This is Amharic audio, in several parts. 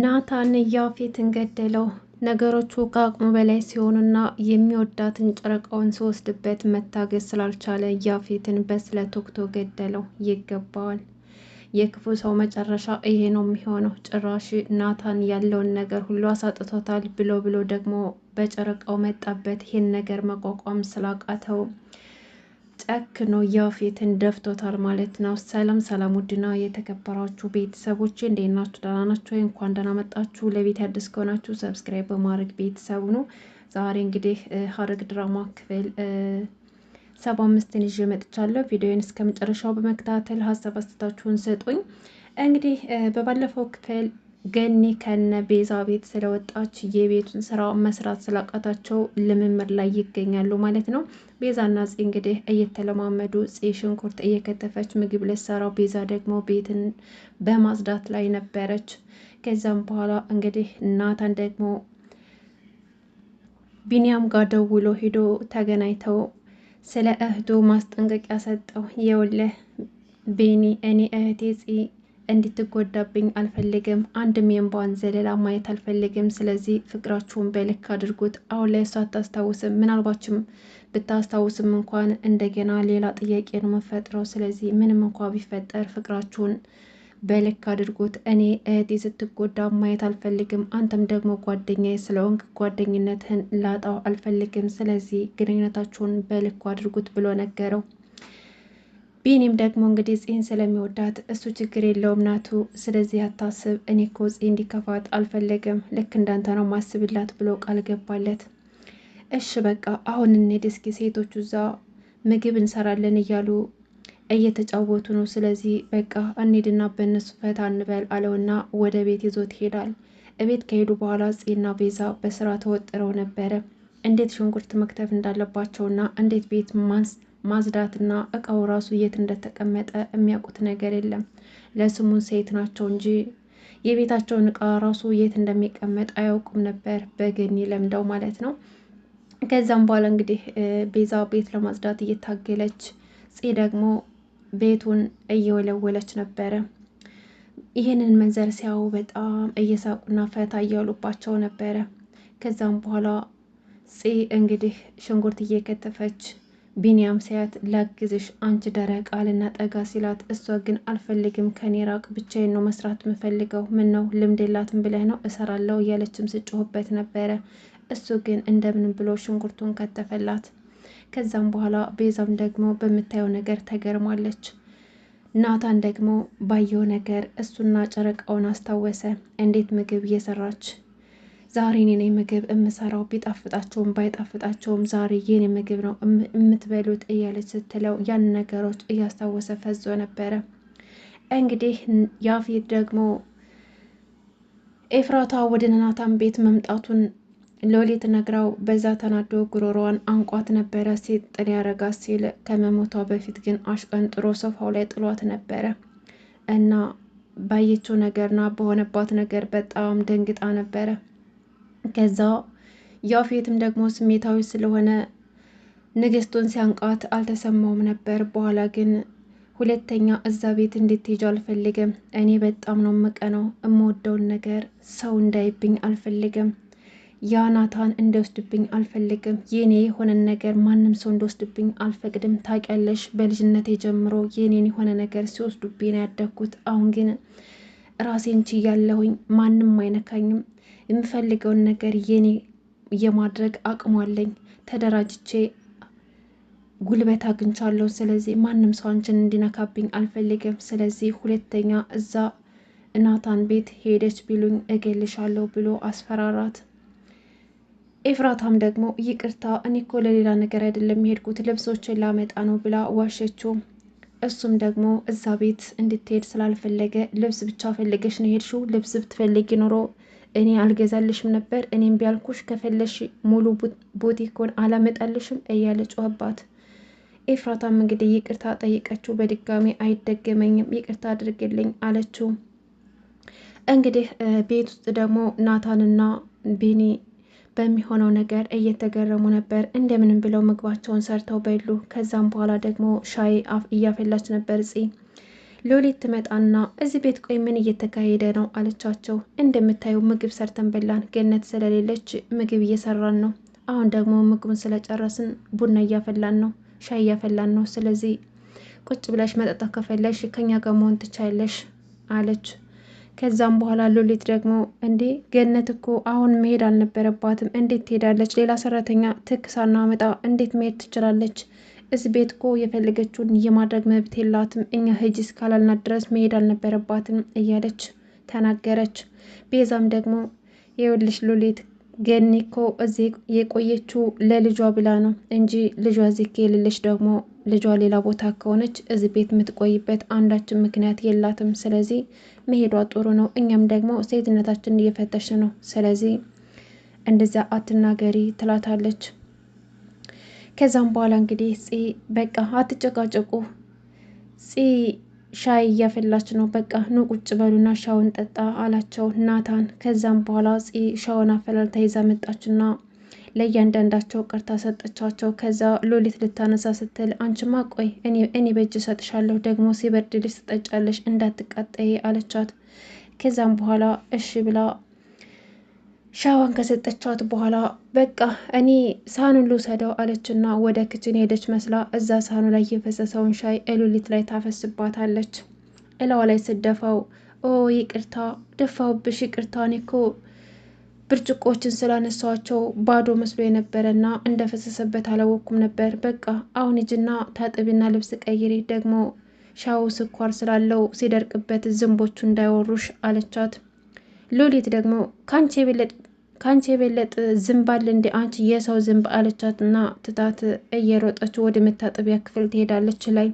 ናታን ያፌትን ገደለው። ነገሮቹ ከአቅሙ በላይ ሲሆኑና የሚወዳትን ጨረቃውን ሲወስድበት መታገስ ስላልቻለ ያፌትን በስለት ወግቶ ገደለው። ይገባዋል። የክፉ ሰው መጨረሻ ይሄ ነው የሚሆነው። ጭራሽ ናታን ያለውን ነገር ሁሉ አሳጥቶታል ብሎ ብሎ ደግሞ በጨረቃው መጣበት። ይህን ነገር መቋቋም ስላቃተው ጨክኖ ያፌትን ደፍቶታል ማለት ነው። ሰላም ሰላም፣ ውድና የተከበራችሁ ቤተሰቦች እንዴት ናችሁ? ደህና ናችሁ? እንኳን ደህና መጣችሁ። ለቤት አዲስ ከሆናችሁ ሰብስክራይብ በማድረግ ቤተሰቡ ነው። ዛሬ እንግዲህ ሐረግ ድራማ ክፍል ሰባ አምስትን ይዤ መጥቻለሁ። ቪዲዮን እስከ መጨረሻው በመከታተል ሀሳብ አስተታችሁን ሰጡኝ። እንግዲህ በባለፈው ክፍል ገኒ ከነ ቤዛ ቤት ስለወጣች የቤቱን ስራ መስራት ስላቃታቸው ልምምር ላይ ይገኛሉ ማለት ነው። ቤዛና ጽ እንግዲህ እየተለማመዱ ጽ ሽንኩርት እየከተፈች ምግብ ልትሰራው፣ ቤዛ ደግሞ ቤትን በማጽዳት ላይ ነበረች። ከዚያም በኋላ እንግዲህ ናታን ደግሞ ቢንያም ጋር ደውሎ ሂዶ ተገናኝተው ስለ እህቱ ማስጠንቀቂያ ሰጠው። የውለህ ቤኒ እኔ እህቴ እንድትጎዳብኝ አልፈልግም። አንድም የእንባዋን ዘለላ ማየት አልፈልግም። ስለዚህ ፍቅራችሁን በልክ አድርጉት። አሁን ላይ እሷ አታስታውስም። ምናልባችም ብታስታውስም እንኳን እንደገና ሌላ ጥያቄ ነው የምፈጥረው። ስለዚህ ምንም እንኳ ቢፈጠር ፍቅራችሁን በልክ አድርጉት። እኔ እህቴ ስትጎዳ ማየት አልፈልግም። አንተም ደግሞ ጓደኛ ስለሆንክ ጓደኝነትህን ላጣው አልፈልግም። ስለዚህ ግንኙነታችሁን በልኩ አድርጉት ብሎ ነገረው። ቢኒም ደግሞ እንግዲህ ጽህን ስለሚወዳት እሱ ችግር የለውም ናቱ፣ ስለዚህ አታስብ፣ እኔ እኮ ጽህ እንዲከፋት አልፈለግም፣ ልክ እንዳንተ ነው ማስብላት ብሎ ቃል ገባለት። እሺ በቃ አሁን እንሂድ እስኪ ሴቶቹ እዛ ምግብ እንሰራለን እያሉ እየተጫወቱ ነው። ስለዚህ በቃ እንሂድና በእነሱ ፈታ እንበል አለውና ወደ ቤት ይዞት ይሄዳል። እቤት ከሄዱ በኋላ ጽና ቤዛ በስራ ተወጥረው ነበረ። እንዴት ሽንኩርት መክተፍ እንዳለባቸውና እንዴት ቤት ማንስ ማጽዳትና እቃው ራሱ የት እንደተቀመጠ የሚያውቁት ነገር የለም። ለስሙን ሴት ናቸው እንጂ የቤታቸውን እቃ ራሱ የት እንደሚቀመጥ አያውቁም ነበር። በግን ለምደው ማለት ነው። ከዛም በኋላ እንግዲህ ቤዛ ቤት ለማጽዳት እየታገለች ጽ ደግሞ ቤቱን እየወለወለች ነበረ። ይህንን መንዘር ሲያዩ በጣም እየሳቁና ፈታ እያሉባቸው ነበረ። ከዛም በኋላ ጽ እንግዲህ ሽንኩርት እየከተፈች ቢንያም ሲያት ላግዝሽ አንቺ ደረቅ አልና ጠጋ ሲላት፣ እሷ ግን አልፈልግም ከኔ ራቅ፣ ብቻዬን ነው መስራት ምፈልገው። ምን ነው ልምድ የላትም ብለህ ነው እሰራለው እያለችም ስጮሁበት ነበረ። እሱ ግን እንደምንም ብሎ ሽንኩርቱን ከተፈላት። ከዛም በኋላ ቤዛም ደግሞ በምታየው ነገር ተገርማለች። ናታን ደግሞ ባየው ነገር እሱና ጨረቃውን አስታወሰ። እንዴት ምግብ እየሰራች ዛሬ የኔ ምግብ እምሰራው ቢጣፍጣቸውም ባይጣፍጣቸውም ዛሬ የኔ ምግብ ነው የምትበሉት እያለች ስትለው ያን ነገሮች እያስታወሰ ፈዞ ነበረ። እንግዲህ ያፌት ደግሞ ኤፍራታ ወደ ናታን ቤት መምጣቱን ሎሊት ነግራው በዛ ተናዶ ጉሮሮዋን አንቋት ነበረ ሴት ጥል ያረጋት ሲል ከመሞቷ በፊት ግን አሽቀንጥሮ ሶፋው ላይ ጥሏት ነበረ እና ባየችው ነገርና በሆነባት ነገር በጣም ደንግጣ ነበረ። ከዛ ያፌትም ደግሞ ስሜታዊ ስለሆነ ንግስቱን ሲያንቃት አልተሰማውም ነበር። በኋላ ግን ሁለተኛ እዛ ቤት እንድትሄጅ አልፈልግም። እኔ በጣም ነው የምቀነው። የምወደውን ነገር ሰው እንዳይብኝ አልፈልግም። ያ ናታን እንደወስድብኝ አልፈልግም። የኔ የሆነን ነገር ማንም ሰው እንደወስድብኝ አልፈቅድም። ታውቂያለሽ፣ በልጅነቴ ጀምሮ የኔን የሆነ ነገር ሲወስዱብኝ ነው ያደግኩት። አሁን ግን ራሴን ችያለሁኝ። ማንም አይነካኝም። የምፈልገውን ነገር የኔ የማድረግ አቅሙ አለኝ። ተደራጅቼ ጉልበት አግኝቻለሁ። ስለዚህ ማንም ሰው አንቺን እንዲነካብኝ አልፈልግም። ስለዚህ ሁለተኛ እዛ እናታን ቤት ሄደች ቢሉኝ እገልሻለሁ ብሎ አስፈራራት። ኤፍራታም ደግሞ ይቅርታ እኔ እኮ ለሌላ ነገር አይደለም የሄድኩት ልብሶችን ላመጣ ነው ብላ ዋሸችው። እሱም ደግሞ እዛ ቤት እንድትሄድ ስላልፈለገ ልብስ ብቻ ፈልገሽ ነው የሄድሽው፣ ልብስ ብትፈልጊ ኖሮ እኔ አልገዛልሽም ነበር እኔም ቢያልኩሽ ከፈለሽ ሙሉ ቡቲኮን አላመጣልሽም እያለ ጮኸባት። ኤፍራታም እንግዲህ ይቅርታ ጠይቀችው። በድጋሚ አይደገመኝም ይቅርታ አድርግልኝ አለችው። እንግዲህ ቤት ውስጥ ደግሞ ናታንና ቢኒ በሚሆነው ነገር እየተገረሙ ነበር። እንደምንም ብለው ምግባቸውን ሰርተው በሉ። ከዛም በኋላ ደግሞ ሻይ እያፈላች ነበር ጽ ሎሊት ትመጣና እዚህ ቤት ቆይ ምን እየተካሄደ ነው አለቻቸው። እንደምታየው ምግብ ሰርተን በላን፣ ገነት ስለሌለች ምግብ እየሰራን ነው። አሁን ደግሞ ምግቡን ስለጨረስን ቡና እያፈላን ነው፣ ሻይ እያፈላን ነው። ስለዚህ ቁጭ ብለሽ መጠጣት ከፈለሽ ከኛ ጋር መሆን ትቻለሽ አለች። ከዛም በኋላ ሎሊት ደግሞ እንዴ ገነት እኮ አሁን መሄድ አልነበረባትም፣ እንዴት ትሄዳለች? ሌላ ሰራተኛ ትክሳና መጣ እንዴት መሄድ ትችላለች? እዚህ ቤት እኮ የፈለገችውን የማድረግ መብት የላትም፣ እኛ ህጅ እስካላልና ድረስ መሄድ አልነበረባትም እያለች ተናገረች። ቤዛም ደግሞ የውልሽ ሉሊት ገኒ እኮ እዚህ የቆየችው ለልጇ ብላ ነው እንጂ ልጇ እዚህ ከሌለች ደግሞ ልጇ ሌላ ቦታ ከሆነች እዚህ ቤት የምትቆይበት አንዳችን ምክንያት የላትም። ስለዚህ መሄዷ ጥሩ ነው። እኛም ደግሞ ሴትነታችን እየፈተሽ ነው። ስለዚህ እንደዚያ አትናገሪ ትላታለች። ከዛም በኋላ እንግዲህ ጽ በቃ አትጨቃጨቁ፣ ፂ ሻይ እያፈላች ነው፣ በቃ ኑ ቁጭ በሉና ሻውን ጠጣ አላቸው ናታን። ከዛም በኋላ ጽ ሻውን አፈላልታ ይዛ መጣችና ለእያንዳንዳቸው ቅርታ ሰጠቻቸው። ከዛ ሎሊት ልታነሳ ስትል አንችማ ቆይ እኔ በእጅ ሰጥሻለሁ፣ ደግሞ ሲበርድልሽ ትጠጫለሽ እንዳትቃጠይ አለቻት። ከዛም በኋላ እሺ ብላ ሻዋን ከሰጠቻት በኋላ በቃ እኔ ሳህኑን ልውሰደው አለችና ወደ ክችን ሄደች መስላ እዛ ሳህኑ ላይ የፈሰሰውን ሻይ እሉሊት ላይ ታፈስባታለች። እላዋ ላይ ስደፋው ኦ ይቅርታ ደፋውብሽ፣ ይቅርታ እኔ እኮ ብርጭቆችን ስላነሳቸው ባዶ መስሎ የነበረና እንደፈሰሰበት አለወኩም ነበር። በቃ አሁን ሂጂና ታጥቢና ልብስ ቀይሪ፣ ደግሞ ሻዩ ስኳር ስላለው ሲደርቅበት ዝንቦቹ እንዳይወሩሽ አለቻት። ሎሊት ደግሞ ከአንቺ የበለጥ ዝንባል እንደ አንቺ የሰው ዝንብ እና ትታት እየሮጠች ወደ መታጠቢያ ክፍል ትሄዳለች ላይ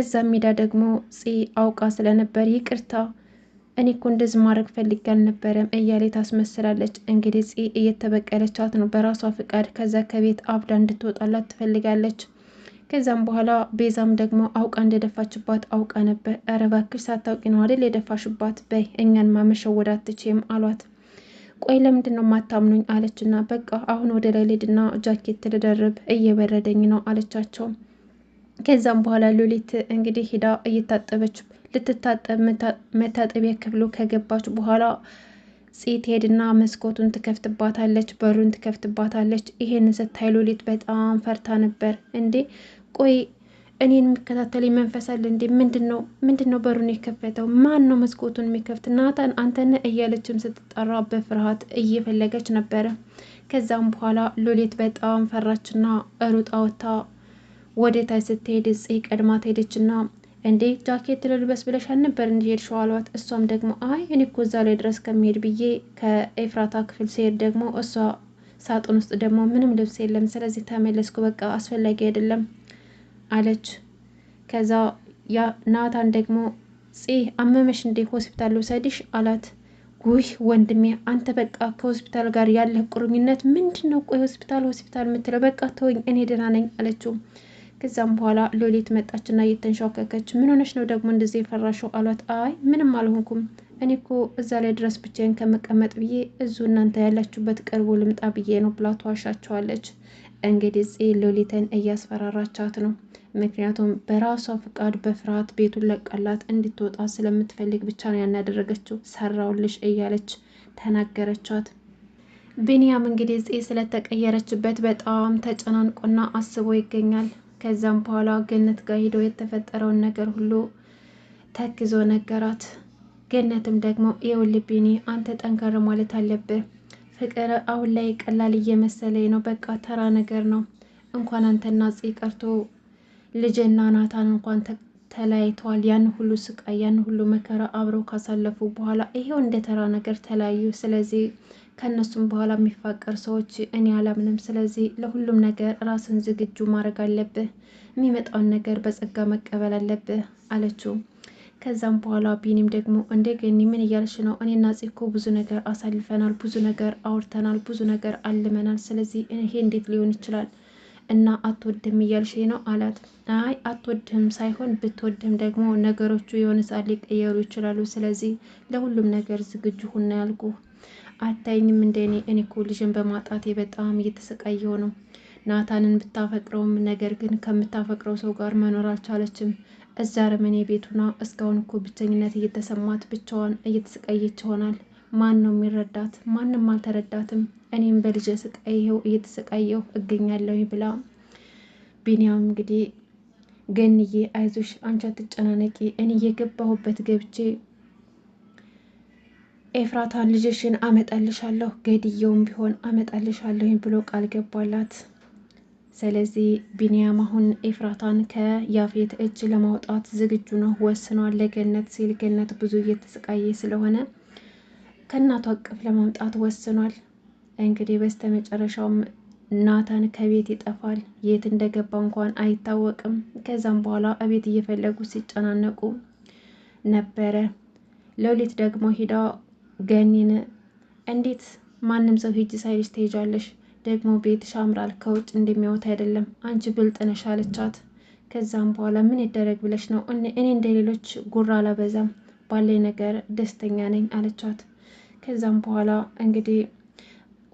እዛ ሜዳ ደግሞ ፂ አውቃ ስለነበር ይቅርታ እኔ እኮ እንደዚ ማድረግ ፈልጌ አልነበረም እያሌ ታስመስላለች። እንግዲህ ፂ እየተበቀለቻት ነው በራሷ ፍቃድ። ከዛ ከቤት አብዳ እንድትወጣላት ትፈልጋለች። ከዛም በኋላ ቤዛም ደግሞ አውቃ እንደደፋችባት አውቃ ነበር። ኧረ እባክሽ ሳታውቂ ነው አይደል የደፋሽባት? በይ እኛን ማመሸወድ አትችም አሏት። ቆይ ለምንድን ነው ማታምኑኝ? አለችና በቃ አሁን ወደ ላይ ልሂድና ጃኬት ልደርብ እየበረደኝ ነው አለቻቸው። ከዛም በኋላ ሉሊት እንግዲህ ሂዳ እየታጠበች ልትታጠብ መታጠቢያ ክፍሉ ከገባች በኋላ ጽት ሄድና መስኮቱን ትከፍትባታለች፣ በሩን ትከፍትባታለች። ይሄን ስታይ ሉሊት በጣም ፈርታ ነበር እንዴ ቆይ እኔን የሚከታተለኝ መንፈስ አለ እንዴ? ምንድን ነው ምንድን ነው በሩን የከፈተው? ማን ነው መስኮቱን የሚከፍት? ናታን አንተን እያለችም ስትጠራ በፍርሃት እየፈለገች ነበረ። ከዛም በኋላ ሎሌት በጣም ፈራችና ሩጣ ወታ ወደ ታች ስትሄድ ጽ ቀድማት ሄደችና እንዴ ጃኬት ልልበስ ብለሽ አልነበር እንዲ ሄድሽው እሷም ደግሞ አይ እኔ እኮ እዛ ላይ ድረስ ከሚሄድ ብዬ ከኤፍራታ ክፍል ሲሄድ ደግሞ እሷ ሳጥን ውስጥ ደግሞ ምንም ልብስ የለም፣ ስለዚህ ተመለስኩ በቃ አስፈላጊ አይደለም አለች። ከዛ ናታን ደግሞ ፄ አመመሽ እንዴ ሆስፒታል ልውሰድሽ አላት። ጉይ ወንድሜ አንተ በቃ ከሆስፒታል ጋር ያለህ ቁርኝነት ምንድን ነው? ቆይ ሆስፒታል ሆስፒታል የምትለው በቃ ተወኝ፣ እኔ ደህና ነኝ አለችው። ከዛም በኋላ ሎሌት መጣችና እየተንሸዋከከች ምን ሆነች ነው ደግሞ እንደዚህ የፈራሽው? አሏት። አይ ምንም አልሆንኩም እኔ እኮ እዛ ላይ ድረስ ብቻዬን ከመቀመጥ ብዬ እዙ እናንተ ያላችሁበት ቅርቡ ልምጣ ብዬ ነው ብላ ተዋሻቸዋለች። እንግዲህ ፄ ሎሊተን እያስፈራራቻት ነው። ምክንያቱም በራሷ ፍቃድ በፍርሃት ቤቱን ለቃላት እንድትወጣ ስለምትፈልግ ብቻ ነው ያናደረገችው ሰራውልሽ እያለች ተናገረቻት። ቢንያም እንግዲህ ጽ ስለተቀየረችበት በጣም ተጨናንቆና አስቦ ይገኛል። ከዛም በኋላ ገነት ጋር ሂዶ የተፈጠረውን ነገር ሁሉ ተክዞ ነገራት። ገነትም ደግሞ ይኸውልህ ቢኒ፣ አንተ ጠንከር ማለት አለብህ። ፍቅር አሁን ላይ ቀላል እየመሰለኝ ነው። በቃ ተራ ነገር ነው። እንኳን አንተና ጽ ቀርቶ ልጅና ናታን እንኳን ተለያይተዋል። ያን ሁሉ ስቃይ፣ ያን ሁሉ መከራ አብረው ካሳለፉ በኋላ ይሄው እንደ ተራ ነገር ተለያዩ። ስለዚህ ከእነሱም በኋላ የሚፋቀር ሰዎች እኔ አላምንም። ስለዚህ ለሁሉም ነገር ራስን ዝግጁ ማድረግ አለብህ፣ የሚመጣውን ነገር በጸጋ መቀበል አለብህ አለችው። ከዛም በኋላ ቢኒም ደግሞ እንደ ገኒ ምን እያልሽ ነው? እኔና ጽኮ ብዙ ነገር አሳልፈናል፣ ብዙ ነገር አውርተናል፣ ብዙ ነገር አልመናል። ስለዚህ ይሄ እንዴት ሊሆን ይችላል? እና አትወድም እያልሽ ነው አላት። አይ አትወድህም ሳይሆን ብትወድህም ደግሞ ነገሮቹ የሆነ ሰዓት ሊቀየሩ ይችላሉ። ስለዚህ ለሁሉም ነገር ዝግጁ ሁና ያልኩ። አታይኝም እንደኔ እኔ እኮ ልጅን በማጣቴ በጣም እየተሰቃየው ነው። ናታንን ብታፈቅረውም ነገር ግን ከምታፈቅረው ሰው ጋር መኖር አልቻለችም። እዛ ረመኔ ቤቱና እስካሁን እኮ ብቸኝነት እየተሰማት ብቻዋን እየተሰቃየች ይሆናል። ማን ነው የሚረዳት? ማንም አልተረዳትም። እኔም በልጄ ስቃይው እየተሰቃየው እገኛለሁ ብላ ቢኒያም እንግዲህ ገንዬ አይዞሽ፣ አንቺ አትጨናነቂ፣ እኔ የገባሁበት ገብቼ ኤፍራታን ልጅሽን አመጣልሻለሁ ገድየውም ቢሆን አመጣልሻለሁ ብሎ ቃል ገባላት። ስለዚህ ቢንያም አሁን ኤፍራታን ከያፌት እጅ ለማውጣት ዝግጁ ነው ወስኗል፣ ለገነት ሲል ገነት ብዙ እየተሰቃየ ስለሆነ ከእናቱ አቅፍ ለመምጣት ወስኗል። እንግዲህ በስተ መጨረሻውም ናታን ከቤት ይጠፋል። የት እንደገባ እንኳን አይታወቅም። ከዛም በኋላ እቤት እየፈለጉ ሲጨናነቁ ነበረ። ለውሊት ደግሞ ሂዳ ገኒን እንዴት ማንም ሰው ሂጂ ሳይልሽ ትሄጃለሽ? ደግሞ ቤትሽ አምራል፣ ከውጭ እንደሚያወት አይደለም። አንቺ ብልጥ ነሽ አለቻት። ከዛም በኋላ ምን ይደረግ ብለሽ ነው? እኔ እንደሌሎች ጉራ አላበዛም፣ ባለኝ ነገር ደስተኛ ነኝ አለቻት። ከዛም በኋላ እንግዲህ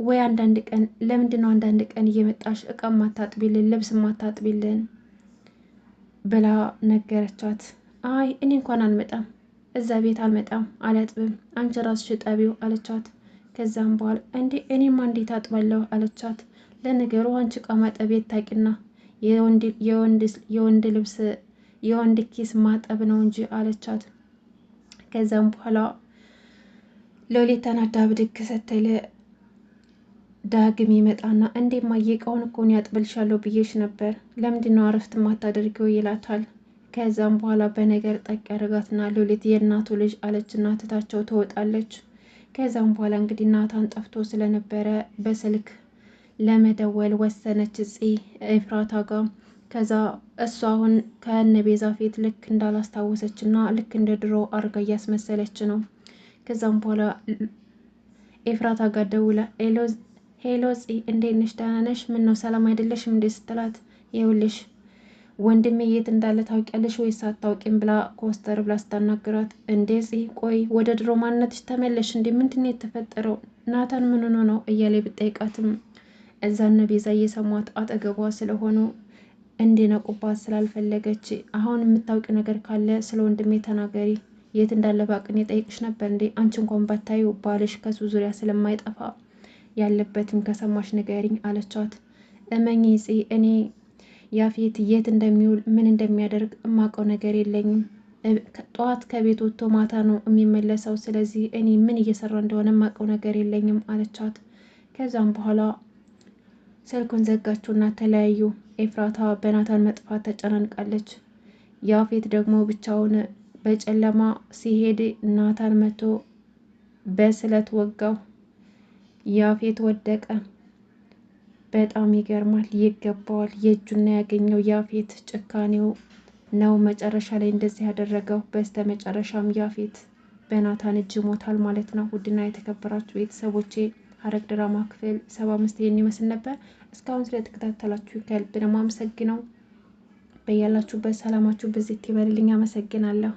ወይ አንዳንድ ቀን ለምንድን ነው አንዳንድ ቀን እየመጣሽ እቃ ማታጥቢልን ልብስ ማታጥቢልን ብላ ነገረቻት። አይ እኔ እንኳን አልመጣም እዛ ቤት አልመጣም አላጥብም፣ አንቺ ራስሽ እጠቢው አለቻት። ከዛም በኋላ እንዴ እኔም እንዴት አጥባለሁ አለቻት። ለነገሩ አንቺ እቃ ማጠቤት ታቂና የወንድ ልብስ የወንድ ኪስ ማጠብ ነው እንጂ አለቻት። ከዛም በኋላ ሎሌት ተናዳ ብድግ ስትል ዳግም ይመጣና እንዴ ማየቀውን እኮን ያጥብልሻለሁ ብዬሽ ነበር፣ ለምንድነው ነው አረፍት ማታደርጊው ይላታል። ከዛም በኋላ በነገር ጠቅ ያደርጋትና ሎሌት የእናቱ ልጅ አለችና ትታቸው ትወጣለች። ከዛም በኋላ እንግዲህ ናታን ጠፍቶ ስለነበረ በስልክ ለመደወል ወሰነች ጽ ኤፍራታ ጋር ከዛ እሱ አሁን ከነቤዛ ፊት ልክ እንዳላስታወሰች እና ልክ እንደ ድሮ አርጋ እያስመሰለች ነው ከዛም በኋላ ኤፍራታ ጋር ደውላ ሄሎ ፂ እንዴት ነሽ? ደህና ነሽ? ምን ነው ሰላም አይደለሽም እንዴ ስትላት ይኸውልሽ ወንድሜ የት እንዳለ ታውቂያለሽ ወይስ አታውቂም? ብላ ኮስተር ብላ ስታናግራት እንዴ ፂ ቆይ ወደ ድሮ ማንነትሽ ተመለሽ እንዴ ምንድን ነው የተፈጠረው? ናታን ምን ሆኖ ነው እያለ ብጠይቃትም እዛነ ቤዛ እየሰሟት አጠገቧ ስለሆኑ እንዲነቁባት ስላልፈለገች አሁን የምታውቂ ነገር ካለ ስለ ወንድሜ ተናገሪ የት እንዳለ ባቅን የጠይቅሽ ነበር እንዴ? አንቺ እንኳን ባታዩ ባልሽ ከሱ ዙሪያ ስለማይጠፋ ያለበትን ከሰማሽ ንገሪኝ አለቻት። እመኝ ጽ እኔ ያፌት የት እንደሚውል ምን እንደሚያደርግ እማቀው ነገር የለኝም። ጠዋት ከቤት ወጥቶ ማታ ነው የሚመለሰው። ስለዚህ እኔ ምን እየሰራ እንደሆነ እማቀው ነገር የለኝም አለቻት። ከዛም በኋላ ስልኩን ዘጋችውና ተለያዩ። ኤፍራታ በናታን መጥፋት ተጨናንቃለች። ያፌት ደግሞ ብቻውን በጨለማ ሲሄድ ናታን መጥቶ በስለት ወጋው። ያፌት ወደቀ። በጣም ይገርማል። ይገባዋል። የእጁና ያገኘው ያፌት ጭካኔው ነው መጨረሻ ላይ እንደዚህ ያደረገው። በስተ መጨረሻም ያፌት በናታን እጅ ሞታል ማለት ነው። ውድና የተከበራችሁ ቤተሰቦቼ ሐረግ ድራማ ክፍል ሰባ አምስት ይህን ይመስል ነበር። እስካሁን ስለተከታተላችሁ ከልብ ነው አመሰግነው። በያላችሁበት ሰላማችሁ በዚህ ይበልልኝ። አመሰግናለሁ።